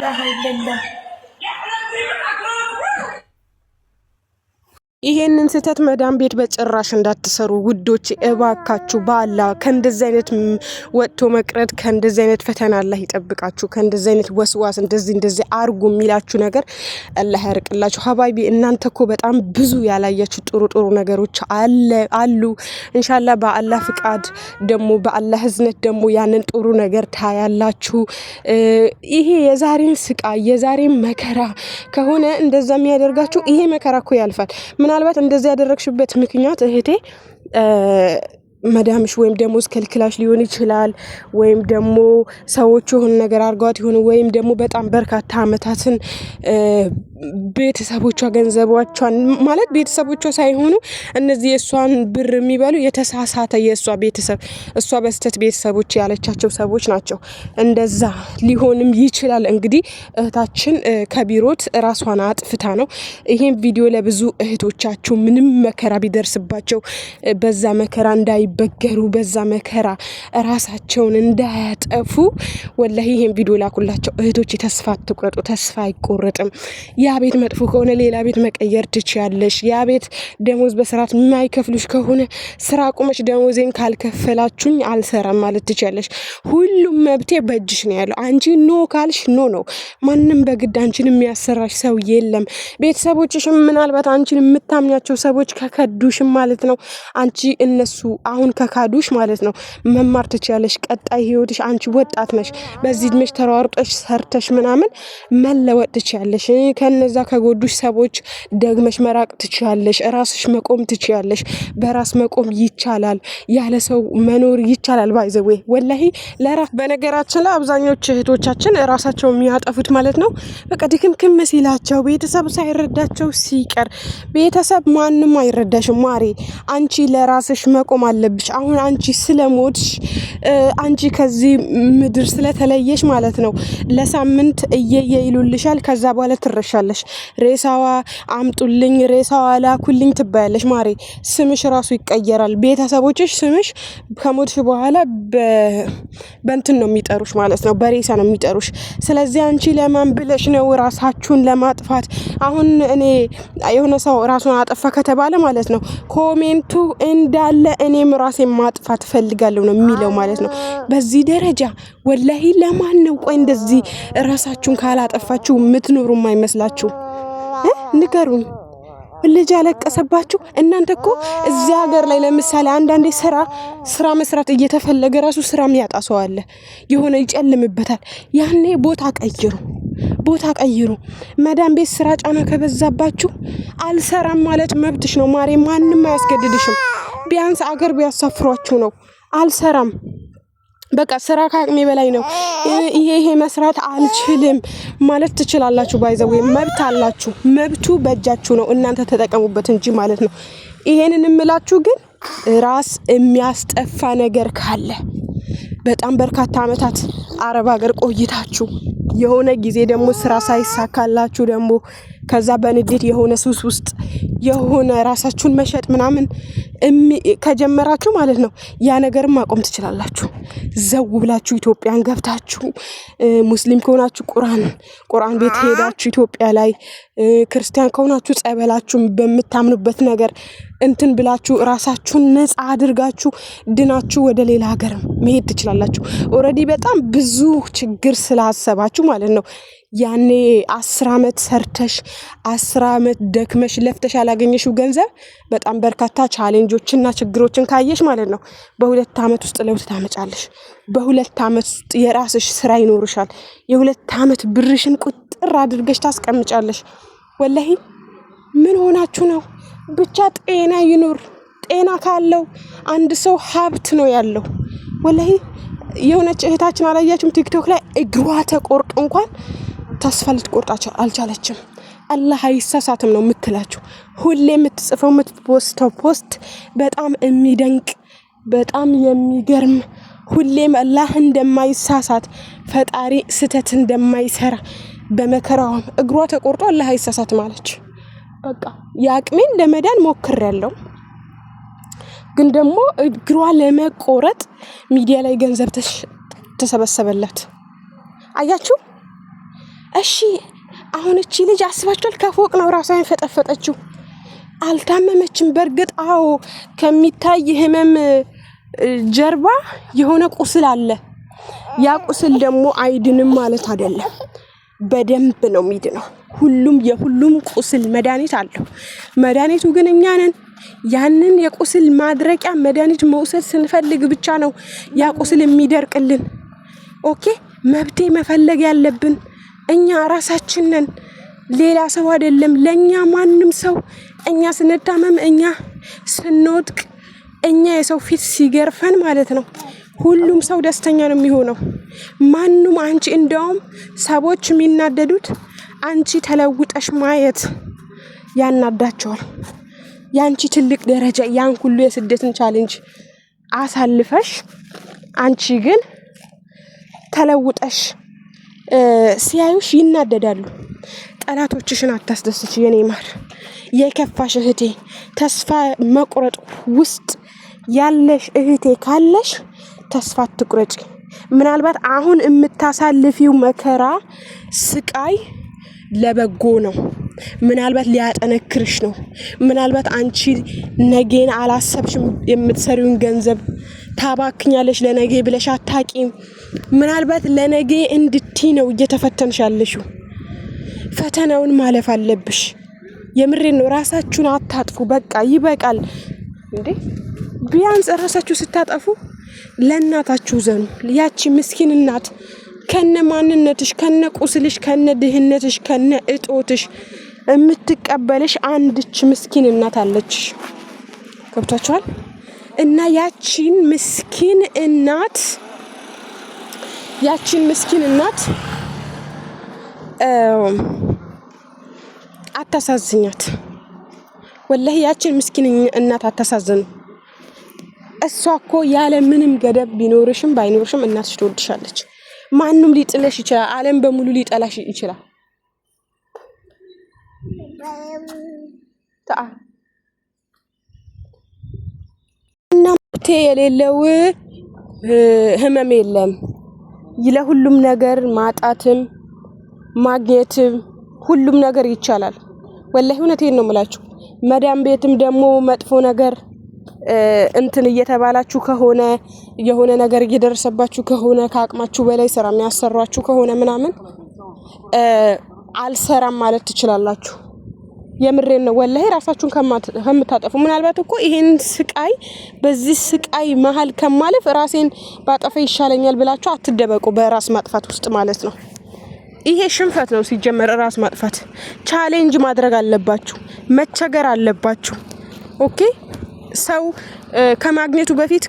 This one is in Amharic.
大海奔腾。ይሄንን ስህተት መዳም ቤት በጭራሽ እንዳትሰሩ ውዶች፣ እባካችሁ ባላ ከእንደዚ አይነት ወጥቶ መቅረት ከእንደዚ አይነት ፈተና አላህ ይጠብቃችሁ። ከእንደዚ አይነት ወስዋስ እንደዚህ እንደዚህ አርጉ የሚላችሁ ነገር አላህ ያርቅላችሁ። ሀባይቢ እናንተ ኮ በጣም ብዙ ያላያችሁ ጥሩ ጥሩ ነገሮች አሉ። እንሻላ በአላህ ፍቃድ ደግሞ በአላህ ህዝነት ደግሞ ያንን ጥሩ ነገር ታያላችሁ። ይሄ የዛሬን ስቃይ የዛሬን መከራ ከሆነ እንደዛ የሚያደርጋችሁ ይሄ መከራ ኮ ያልፋል። ምናልባት እንደዚህ ያደረግሽበት ምክንያት እህቴ መዳምሽ ወይም ደግሞ እስከልክላሽ ሊሆን ይችላል። ወይም ደግሞ ሰዎች የሆነ ነገር አድርጓት ይሆን ወይም ደግሞ በጣም በርካታ አመታትን ቤተሰቦቿ ገንዘቧቿን ማለት ቤተሰቦቿ ሳይሆኑ እነዚህ የእሷን ብር የሚበሉ የተሳሳተ የእሷ ቤተሰብ እሷ በስተት ቤተሰቦች ያለቻቸው ሰዎች ናቸው። እንደዛ ሊሆንም ይችላል። እንግዲህ እህታችን ከቢሮት ራሷን አጥፍታ ነው። ይሄን ቪዲዮ ለብዙ እህቶቻችሁ ምንም መከራ ቢደርስባቸው በዛ መከራ እንዳይበገሩ፣ በዛ መከራ ራሳቸውን እንዳያጠፉ ወላሂ ይሄን ቪዲዮ ላኩላቸው እህቶች። ተስፋ አትቁረጡ። ተስፋ አይቆረጥም። ያ ቤት መጥፎ ከሆነ ሌላ ቤት መቀየር ትችያለሽ። ያ ቤት ደሞዝ በስርዓት የማይከፍሉሽ ከሆነ ስራ ቁመሽ ደሞዜን ካልከፈላችሁኝ አልሰራም ማለት ትችያለሽ። ሁሉም መብቴ በእጅሽ ነው ያለው። አንቺ ኖ ካልሽ ኖ ነው። ማንም በግድ አንቺን የሚያሰራሽ ሰው የለም። ቤተሰቦችሽም ምናልባት አንቺን የምታምኛቸው ሰዎች ከከዱሽም ማለት ነው አንቺ እነሱ አሁን ከካዱሽ ማለት ነው መማር ትችያለሽ። ቀጣይ ህይወትሽ አንቺ ወጣት ነሽ። በዚህ እድሜሽ ተሯሩጠሽ ሰርተሽ ምናምን መለወጥ ትችያለሽ። ከ ከነዛ ከጎዱሽ ሰዎች ደግመሽ መራቅ ትችያለሽ። ራስሽ መቆም ትችያለሽ። በራስ መቆም ይቻላል። ያለ ሰው መኖር ይቻላል። ባይዘዌ ወላሂ ለራስ በነገራችን ላይ አብዛኞቹ እህቶቻችን ራሳቸው የሚያጠፉት ማለት ነው በቃ ድክምክም ሲላቸው ቤተሰብ ሳይረዳቸው ሲቀር ቤተሰብ ማንም አይረዳሽም ማሬ። አንቺ ለራስሽ መቆም አለብሽ። አሁን አንቺ ስለሞትሽ አንቺ ከዚህ ምድር ስለተለየሽ ማለት ነው ለሳምንት እየየ ይሉልሻል። ከዛ በኋላ ትረሻል። ትባያለሽ። ሬሳዋ አምጡልኝ፣ ሬሳዋ ላኩልኝ ትባያለሽ። ማሬ ስምሽ ራሱ ይቀየራል። ቤተሰቦችሽ ስምሽ ከሞትሽ በኋላ በእንትን ነው የሚጠሩሽ ማለት ነው፣ በሬሳ ነው የሚጠሩሽ። ስለዚህ አንቺ ለማን ብለሽ ነው ራሳችሁን ለማጥፋት? አሁን እኔ የሆነ ሰው ራሱን አጠፋ ከተባለ ማለት ነው ኮሜንቱ እንዳለ እኔም ራሴን ማጥፋት እፈልጋለሁ ነው የሚለው ማለት ነው። በዚህ ደረጃ ወላሂ ለማን ነው ቆይ እንደዚህ ራሳችሁን ካላጠፋችሁ የምትኖሩ አይመስላችሁ? ያለቀሰባችሁ? ንገሩኝ። ልጅ ያለቀሰባችሁ እናንተ እኮ እዚያ ሀገር ላይ ለምሳሌ አንዳንዴ ስራ ስራ መስራት እየተፈለገ ራሱ ስራ የሚያጣ ሰው አለ። የሆነ ይጨልምበታል። ያኔ ቦታ ቀይሩ፣ ቦታ ቀይሩ። መዳም ቤት ስራ ጫና ከበዛባችሁ አልሰራም ማለት መብትሽ ነው ማሬ። ማንም አያስገድድሽም። ቢያንስ አገር ቢያሳፍሯችሁ ነው አልሰራም በቃ ስራ ከአቅሜ በላይ ነው፣ ይሄ ይሄ መስራት አልችልም ማለት ትችላላችሁ። ባይዘዌ መብት አላችሁ። መብቱ በእጃችሁ ነው፣ እናንተ ተጠቀሙበት እንጂ ማለት ነው። ይሄንን እምላችሁ ግን ራስ የሚያስጠፋ ነገር ካለ በጣም በርካታ ዓመታት አረብ ሀገር ቆይታችሁ የሆነ ጊዜ ደግሞ ስራ ሳይሳካላችሁ ደግሞ ከዛ በንዴት የሆነ ሱስ ውስጥ የሆነ ራሳችሁን መሸጥ ምናምን ከጀመራችሁ ማለት ነው ያ ነገርን ማቆም ትችላላችሁ። ዘው ብላችሁ ኢትዮጵያን ገብታችሁ ሙስሊም ከሆናችሁ ቁርአን ቁርአን ቤት ሄዳችሁ ኢትዮጵያ ላይ ክርስቲያን ከሆናችሁ ጸበላችሁ በምታምኑበት ነገር እንትን ብላችሁ ራሳችሁን ነጻ አድርጋችሁ ድናችሁ ወደ ሌላ ሀገር መሄድ ትችላላችሁ። ኦልሬዲ በጣም ብዙ ችግር ስላሰባችሁ ማለት ነው ያኔ አስር ዓመት ሰርተሽ አስር ዓመት ደክመሽ ለፍተሽ ያላገኘሽው ገንዘብ በጣም በርካታ ቻሌንጆችና ችግሮችን ካየሽ ማለት ነው በሁለት ዓመት ውስጥ ለውጥ ታመጫለሽ። በሁለት ዓመት ውስጥ የራስሽ ስራ ይኖርሻል። የሁለት ዓመት ብርሽን ቁጥር አድርገሽ ታስቀምጫለሽ። ወላሂ ምን ሆናችሁ ነው? ብቻ ጤና ይኑር። ጤና ካለው አንድ ሰው ሀብት ነው ያለው። ወላሂ የሆነች እህታችን አላያችሁም? ቲክቶክ ላይ እግሯ ተቆርጦ እንኳን ተስፋ ልትቆርጣቸው አልቻለችም። አላህ አይሳሳትም ነው የምትላቸው። ሁሌ የምትጽፈው የምትፖስተው ፖስት በጣም የሚደንቅ በጣም የሚገርም ሁሌም አላህ እንደማይሳሳት ፈጣሪ ስህተት እንደማይሰራ በመከራዋም እግሯ ተቆርጦ አላህ አይሳሳት ማለች። በቃ የአቅሜን ለመዳን ሞክሬያለሁ፣ ግን ደግሞ እግሯ ለመቆረጥ ሚዲያ ላይ ገንዘብ ተሰበሰበላት። አያችሁ እሺ አሁን እቺ ልጅ አስባችኋል፣ ከፎቅ ነው ራሷ ፈጠፈጠችው። አልታመመችም። በእርግጥ አዎ፣ ከሚታይ ህመም ጀርባ የሆነ ቁስል አለ። ያ ቁስል ደግሞ አይድንም ማለት አይደለም። በደንብ ነው የሚድነው። ሁሉም የሁሉም ቁስል መድኃኒት አለው። መድኃኒቱ ግን እኛ ነን። ያንን የቁስል ማድረቂያ መድኃኒት መውሰድ ስንፈልግ ብቻ ነው ያ ቁስል የሚደርቅልን። ኦኬ መብቴ መፈለግ ያለብን እኛ ራሳችን ነን፣ ሌላ ሰው አይደለም። ለእኛ ማንም ሰው እኛ ስንታመም፣ እኛ ስንወድቅ፣ እኛ የሰው ፊት ሲገርፈን ማለት ነው ሁሉም ሰው ደስተኛ ነው የሚሆነው። ማንም አንቺ እንደውም ሰዎች የሚናደዱት አንቺ ተለውጠሽ ማየት ያናዳቸዋል። የአንቺ ትልቅ ደረጃ ያን ሁሉ የስደትን ቻሌንጅ አሳልፈሽ አንቺ ግን ተለውጠሽ ሲያዩሽ ይናደዳሉ። ጠላቶችሽን አታስደስች የኔ ማር፣ የከፋሽ እህቴ፣ ተስፋ መቁረጥ ውስጥ ያለሽ እህቴ ካለሽ ተስፋ አትቁረጭ። ምናልባት አሁን የምታሳልፊው መከራ፣ ስቃይ ለበጎ ነው። ምናልባት ሊያጠነክርሽ ነው። ምናልባት አንቺ ነገን አላሰብሽም የምትሰሪውን ገንዘብ ታባክኛለሽ ለነገ ብለሽ አታቂም። ምናልባት ለነገ እንድቲ ነው እየተፈተንሽ ያለሽው። ፈተናውን ማለፍ አለብሽ። የምሬን ነው። ራሳችሁን አታጥፉ። በቃ ይበቃል እንዴ! ቢያንስ ራሳችሁ ስታጠፉ ለእናታችሁ ዘኑ። ያቺ ምስኪን እናት ከነ ማንነትሽ፣ ከነ ቁስልሽ፣ ከነ ድህነትሽ፣ ከነ እጦትሽ የምትቀበልሽ አንድች ምስኪን እናት አለችሽ። ገብቷችኋል? እና ያቺን ምስኪን እናት ያቺን ምስኪን እናት አታሳዝኛት። ወላሂ ያችን ምስኪን እናት አታሳዝኑ። እሷ እኮ ያለ ምንም ገደብ ቢኖርሽም ባይኖርሽም እናትሽ ትወድሻለች። ማንም ሊጥለሽ ይችላል። ዓለም በሙሉ ሊጠላሽ ይችላል። መፍትሄ የሌለው ህመም የለም። ለሁሉም ነገር ማጣትም ማግኘትም ሁሉም ነገር ይቻላል። ወላሂ እውነቴን ነው የምላችሁ። መዳም ቤትም ደግሞ መጥፎ ነገር እንትን እየተባላችሁ ከሆነ የሆነ ነገር እየደረሰባችሁ ከሆነ ከአቅማችሁ በላይ ስራ የሚያሰሯችሁ ከሆነ ምናምን አልሰራም ማለት ትችላላችሁ። የምሬን ነው ወላሂ፣ ራሳችሁን ከምታጠፉ ምናልባት እኮ ይሄን ስቃይ በዚህ ስቃይ መሀል ከማለፍ ራሴን ባጠፈ ይሻለኛል ብላችሁ አትደበቁ። በራስ ማጥፋት ውስጥ ማለት ነው። ይሄ ሽንፈት ነው ሲጀመር። ራስ ማጥፋት ቻሌንጅ ማድረግ አለባችሁ፣ መቸገር አለባችሁ። ኦኬ ሰው ከማግኘቱ በፊት